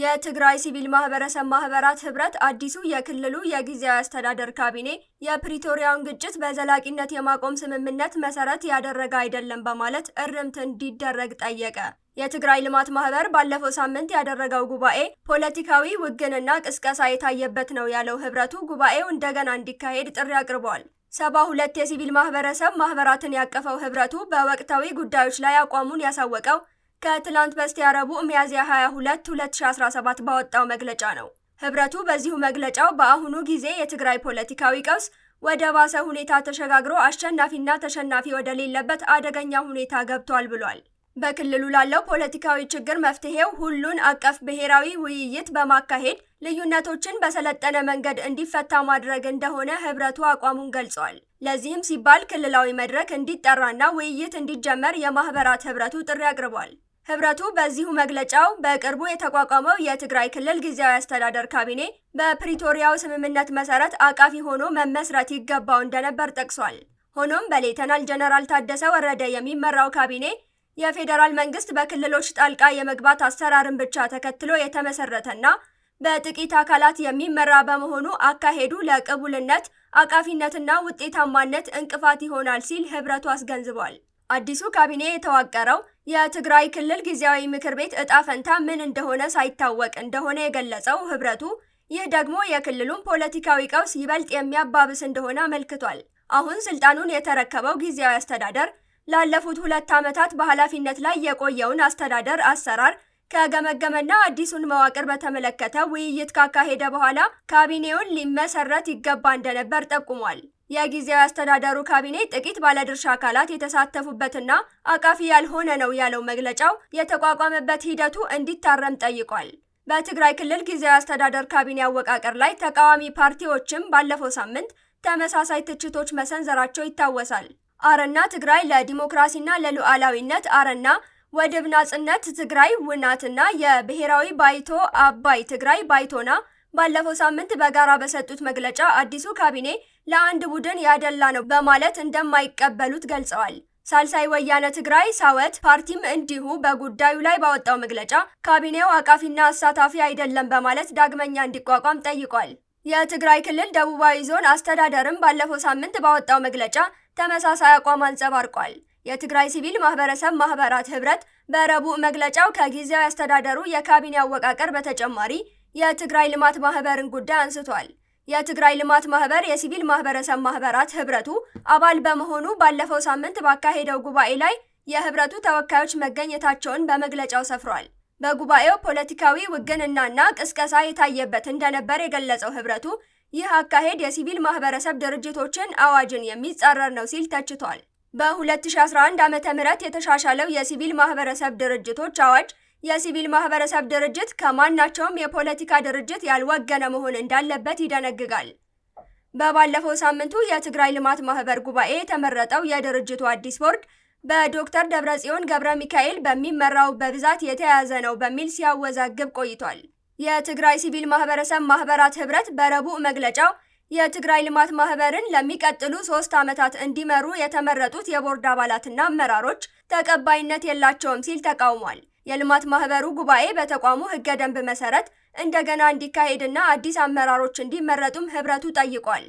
የትግራይ ሲቪል ማህበረሰብ ማህበራት ህብረት አዲሱ የክልሉ የጊዜያዊ አስተዳደር ካቢኔ የፕሪቶሪያውን ግጭት በዘላቂነት የማቆም ስምምነት መሰረት ያደረገ አይደለም በማለት እርምት እንዲደረግ ጠየቀ። የትግራይ ልማት ማህበር ባለፈው ሳምንት ያደረገው ጉባኤ ፖለቲካዊ ውግንና ቅስቀሳ የታየበት ነው ያለው ህብረቱ ጉባኤው እንደገና እንዲካሄድ ጥሪ አቅርቧል። ሰባ ሁለት የሲቪል ማህበረሰብ ማህበራትን ያቀፈው ህብረቱ በወቅታዊ ጉዳዮች ላይ አቋሙን ያሳወቀው ከትላንት በስቲያ ረቡዕ ሚያዝያ 22 2017 ባወጣው መግለጫ ነው። ህብረቱ በዚሁ መግለጫው በአሁኑ ጊዜ የትግራይ ፖለቲካዊ ቀውስ ወደ ባሰ ሁኔታ ተሸጋግሮ አሸናፊና ተሸናፊ ወደሌለበት አደገኛ ሁኔታ ገብቷል ብሏል። በክልሉ ላለው ፖለቲካዊ ችግር መፍትሄው ሁሉን አቀፍ ብሔራዊ ውይይት በማካሄድ ልዩነቶችን በሰለጠነ መንገድ እንዲፈታ ማድረግ እንደሆነ ህብረቱ አቋሙን ገልጿል። ለዚህም ሲባል ክልላዊ መድረክ እንዲጠራና ውይይት እንዲጀመር የማህበራት ህብረቱ ጥሪ አቅርቧል። ህብረቱ በዚሁ መግለጫው በቅርቡ የተቋቋመው የትግራይ ክልል ጊዜያዊ አስተዳደር ካቢኔ በፕሪቶሪያው ስምምነት መሰረት አቃፊ ሆኖ መመስረት ይገባው እንደነበር ጠቅሷል። ሆኖም በሌተናል ጀነራል ታደሰ ወረደ የሚመራው ካቢኔ የፌዴራል መንግስት በክልሎች ጣልቃ የመግባት አሰራርን ብቻ ተከትሎ የተመሰረተና በጥቂት አካላት የሚመራ በመሆኑ አካሄዱ ለቅቡልነት አቃፊነትና ውጤታማነት እንቅፋት ይሆናል ሲል ህብረቱ አስገንዝቧል። አዲሱ ካቢኔ የተዋቀረው የትግራይ ክልል ጊዜያዊ ምክር ቤት ዕጣ ፈንታ ምን እንደሆነ ሳይታወቅ እንደሆነ የገለጸው ህብረቱ፣ ይህ ደግሞ የክልሉን ፖለቲካዊ ቀውስ ይበልጥ የሚያባብስ እንደሆነ አመልክቷል። አሁን ስልጣኑን የተረከበው ጊዜያዊ አስተዳደር ላለፉት ሁለት ዓመታት በኃላፊነት ላይ የቆየውን አስተዳደር አሰራር ከገመገመና አዲሱን መዋቅር በተመለከተ ውይይት ካካሄደ በኋላ ካቢኔውን ሊመሰረት ይገባ እንደነበር ጠቁሟል። የጊዜያዊ አስተዳደሩ ካቢኔ ጥቂት ባለድርሻ አካላት የተሳተፉበትና አቃፊ ያልሆነ ነው ያለው መግለጫው የተቋቋመበት ሂደቱ እንዲታረም ጠይቋል። በትግራይ ክልል ጊዜያዊ አስተዳደር ካቢኔ አወቃቀር ላይ ተቃዋሚ ፓርቲዎችም ባለፈው ሳምንት ተመሳሳይ ትችቶች መሰንዘራቸው ይታወሳል። አረና ትግራይ ለዲሞክራሲና ለሉዓላዊነት፣ አረና ወድብ ናጽነት ትግራይ፣ ውናትና የብሔራዊ ባይቶ አባይ ትግራይ ባይቶና ባለፈው ሳምንት በጋራ በሰጡት መግለጫ አዲሱ ካቢኔ ለአንድ ቡድን ያደላ ነው በማለት እንደማይቀበሉት ገልጸዋል። ሳልሳይ ወያነ ትግራይ ሳወት ፓርቲም እንዲሁ በጉዳዩ ላይ ባወጣው መግለጫ ካቢኔው አቃፊና አሳታፊ አይደለም በማለት ዳግመኛ እንዲቋቋም ጠይቋል። የትግራይ ክልል ደቡባዊ ዞን አስተዳደርም ባለፈው ሳምንት ባወጣው መግለጫ ተመሳሳይ አቋም አንጸባርቋል። የትግራይ ሲቪል ማህበረሰብ ማህበራት ህብረት በረቡዕ መግለጫው ከጊዜያዊ አስተዳደሩ የካቢኔ አወቃቀር በተጨማሪ የትግራይ ልማት ማህበርን ጉዳይ አንስቷል። የትግራይ ልማት ማህበር የሲቪል ማህበረሰብ ማህበራት ህብረቱ አባል በመሆኑ ባለፈው ሳምንት ባካሄደው ጉባኤ ላይ የህብረቱ ተወካዮች መገኘታቸውን በመግለጫው ሰፍሯል። በጉባኤው ፖለቲካዊ ውግንናና ቅስቀሳ የታየበት እንደነበር የገለጸው ህብረቱ ይህ አካሄድ የሲቪል ማህበረሰብ ድርጅቶችን አዋጅን የሚጻረር ነው ሲል ተችቷል። በ2011 ም የተሻሻለው የሲቪል ማህበረሰብ ድርጅቶች አዋጅ የሲቪል ማህበረሰብ ድርጅት ከማናቸውም የፖለቲካ ድርጅት ያልወገነ መሆን እንዳለበት ይደነግጋል። በባለፈው ሳምንቱ የትግራይ ልማት ማህበር ጉባኤ የተመረጠው የድርጅቱ አዲስ ቦርድ በዶክተር ደብረጽዮን ገብረ ሚካኤል በሚመራው በብዛት የተያዘ ነው በሚል ሲያወዛግብ ቆይቷል። የትግራይ ሲቪል ማህበረሰብ ማህበራት ህብረት በረቡዕ መግለጫው የትግራይ ልማት ማህበርን ለሚቀጥሉ ሶስት ዓመታት እንዲመሩ የተመረጡት የቦርድ አባላትና አመራሮች ተቀባይነት የላቸውም ሲል ተቃውሟል። የልማት ማህበሩ ጉባኤ በተቋሙ ህገ ደንብ መሰረት እንደገና እንዲካሄድና አዲስ አመራሮች እንዲመረጡም ህብረቱ ጠይቋል።